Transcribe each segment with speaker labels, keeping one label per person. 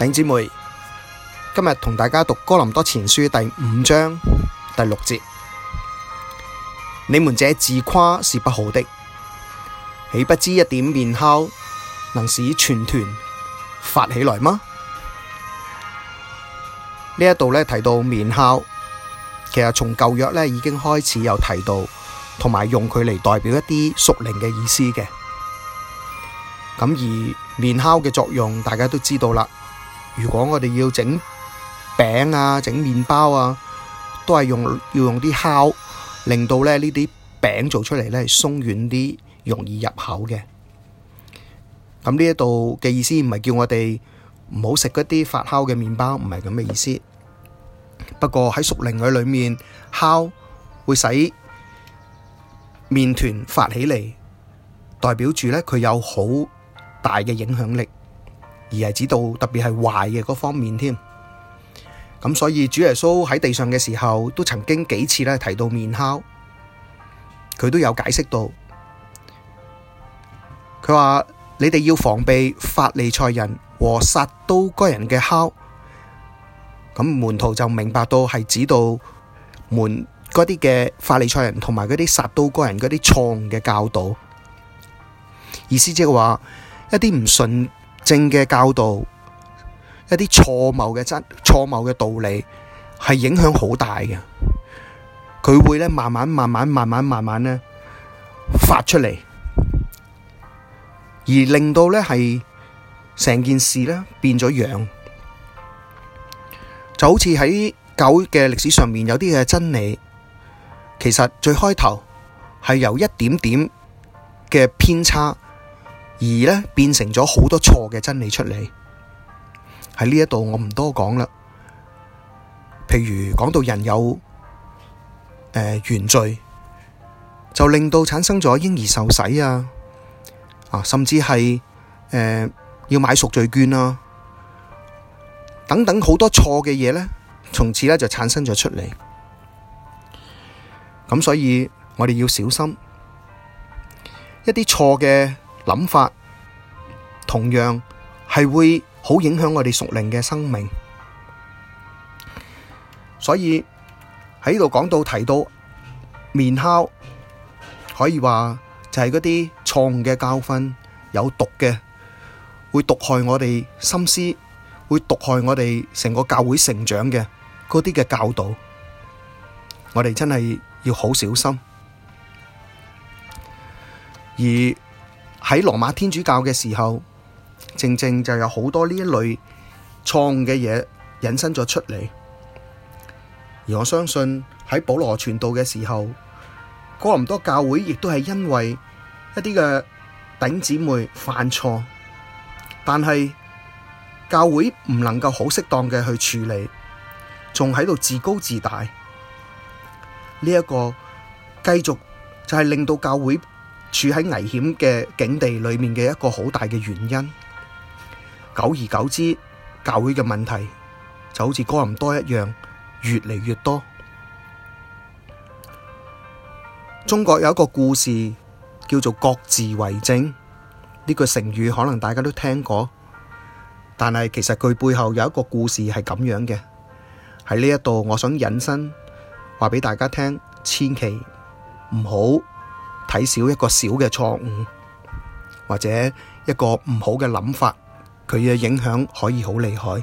Speaker 1: 弟姐妹，今日同大家讀哥林多前書第五章第六節。你們這自誇是不好的，豈不知一點麵酵能使全團發起來嗎？呢一度咧提到麵酵，其實從舊約咧已經開始有提到，同埋用佢嚟代表一啲屬靈嘅意思嘅。咁而麵酵嘅作用，大家都知道啦。如果我哋要整餅啊、整麵包啊，都係用要用啲酵，令到咧呢啲餅做出嚟咧鬆軟啲、容易入口嘅。咁呢一度嘅意思唔係叫我哋唔好食嗰啲發酵嘅麵包，唔係咁嘅意思。不過喺熟齡嘅裏面，酵會使麵團發起嚟，代表住咧佢有好大嘅影響力。而係指到特別係壞嘅嗰方面添，咁所以主耶穌喺地上嘅時候都曾經幾次咧提到麵酵，佢都有解釋到，佢話，你哋要防備法利賽人和撒都該人嘅酵，咁門徒就明白到係指到門嗰啲嘅法利賽人同埋嗰啲撒都該人嗰啲錯誤嘅教導，意思即係話一啲唔信。正嘅教導，一啲錯謬嘅真錯謬嘅道理響，係影響好大嘅。佢會咧慢慢慢慢慢慢慢慢咧發出嚟，而令到咧係成件事咧變咗樣。就好似喺狗嘅歷史上面，有啲嘅真理，其實最開頭係由一點點嘅偏差。而呢變成咗好多錯嘅真理出嚟，喺呢一度我唔多講啦。譬如，講到人有、呃、原罪，就令到產生咗嬰兒受洗啊，啊甚至係、呃、要買贖罪券啊等等好多錯嘅嘢呢，從此呢就產生咗出嚟。咁所以我哋要小心一啲錯嘅諗法同樣係會好影響我哋屬靈嘅生命，所以喺度講到提到麵酵，可以話就係嗰啲錯誤嘅教訓，有毒嘅會毒害我哋心思，會毒害我哋成個教會成長嘅嗰啲嘅教導，我哋真係要好小心，而。喺羅馬天主教嘅時候，正正就有好多呢一類錯誤嘅嘢引申咗出嚟。而我相信喺保羅傳道嘅時候，哥林多教會亦都係因為一啲嘅頂姊妹犯錯，但係教會唔能夠好適當嘅去處理，仲喺度自高自大。呢一個繼續就係令到教會。處喺危險嘅境地裏面嘅一個好大嘅原因，久而久之，教會嘅問題就好似哥林多一樣，越嚟越多。中國有一個故事叫做“各自為政”，呢句成語可能大家都聽過，但係其實佢背後有一個故事係咁樣嘅。喺呢一度，我想引申話畀大家聽，千祈唔好。睇少一個小嘅錯誤，或者一個唔好嘅諗法，佢嘅影響可以好厲害。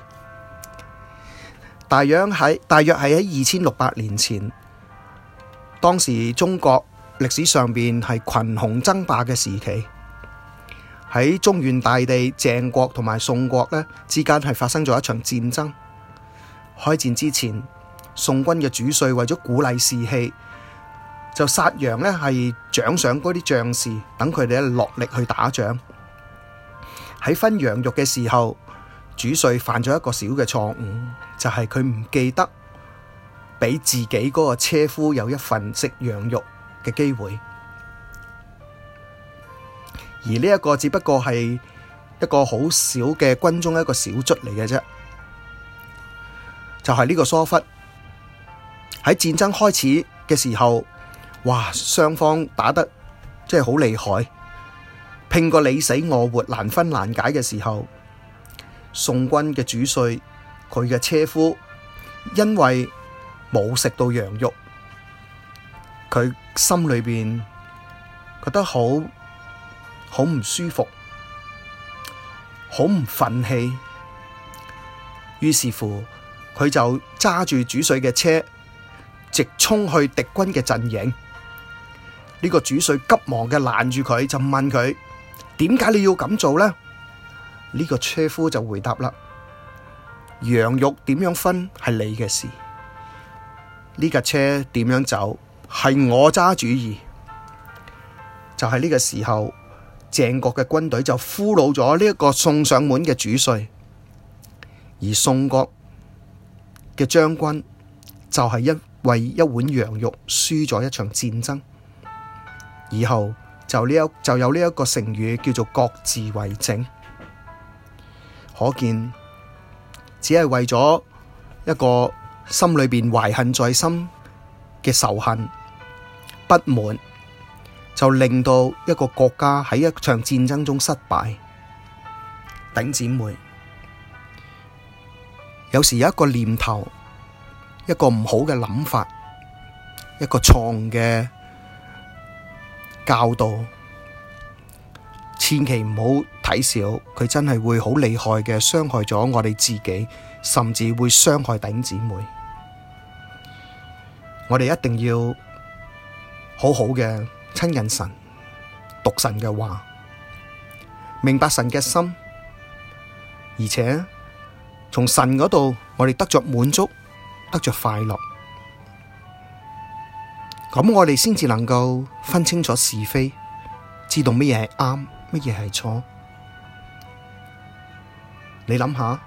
Speaker 1: 大約喺大約係喺二千六百年前，當時中國歷史上邊係群雄爭霸嘅時期，喺中原大地鄭國同埋宋國呢之間係發生咗一場戰爭。開戰之前，宋軍嘅主帥為咗鼓勵士氣。就殺羊呢係獎賞嗰啲將士，等佢哋落力去打仗。喺分羊肉嘅時候，主帥犯咗一個小嘅錯誤，就係佢唔記得俾自己嗰個車夫有一份食羊肉嘅機會。而呢一個只不過係一個好小嘅軍中一個小卒嚟嘅啫，就係呢個疏忽。喺戰爭開始嘅時候。哇！雙方打得真係好厲害，拼個你死我活，難分難解嘅時候，宋軍嘅主帥佢嘅車夫因為冇食到羊肉，佢心裏邊覺得好好唔舒服，好唔忿氣，於是乎佢就揸住主帥嘅車，直衝去敵軍嘅陣營。呢個主帥急忙嘅攔住佢，就問佢，點解你要咁做呢？這」呢個車夫就回答啦，羊肉點樣分係你嘅事，呢、這、架、個、車點樣走係我揸主意。就係、是、呢個時候，鄭國嘅軍隊就俘虜咗呢一個送上門嘅主帥，而宋國嘅將軍就係因為一碗羊肉輸咗一場戰爭。以後就有呢一個成語叫做各自為政，可見只係為咗一個心裏邊懷恨在心嘅仇恨不滿，就令到一個國家喺一場戰爭中失敗。頂姊妹，有時有一個念頭，一個唔好嘅諗法，一個錯誤嘅。教導，千祈唔好睇小佢，真係會好厲害嘅，傷害咗我哋自己，甚至會傷害弟兄姊妹。我哋一定要好好嘅親近神，讀神嘅話，明白神嘅心，而且從神嗰度，我哋得着滿足，得着快樂。咁我哋先至能夠分清楚是非，知道乜嘢係啱，乜嘢係錯。你諗下，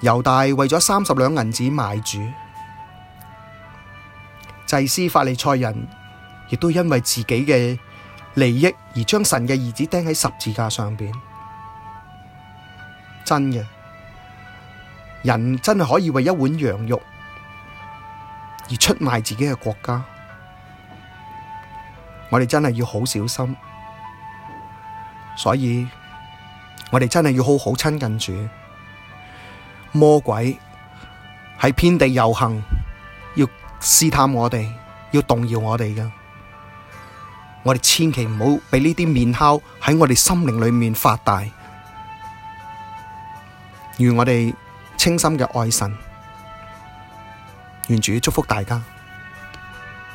Speaker 1: 猶大為咗三十兩銀子賣主，祭司法利賽人亦都因為自己嘅利益而將神嘅兒子釘喺十字架上邊。真嘅，人真係可以為一碗羊肉而出賣自己嘅國家，我哋真係要好小心。所以，我哋真係要好好親近主。魔鬼喺遍地遊行，要試探我哋，要動搖我哋㗎。我哋千祈唔好俾呢啲麵酵喺我哋心靈裏面發大，如我哋清心嘅愛神。願主祝福大家。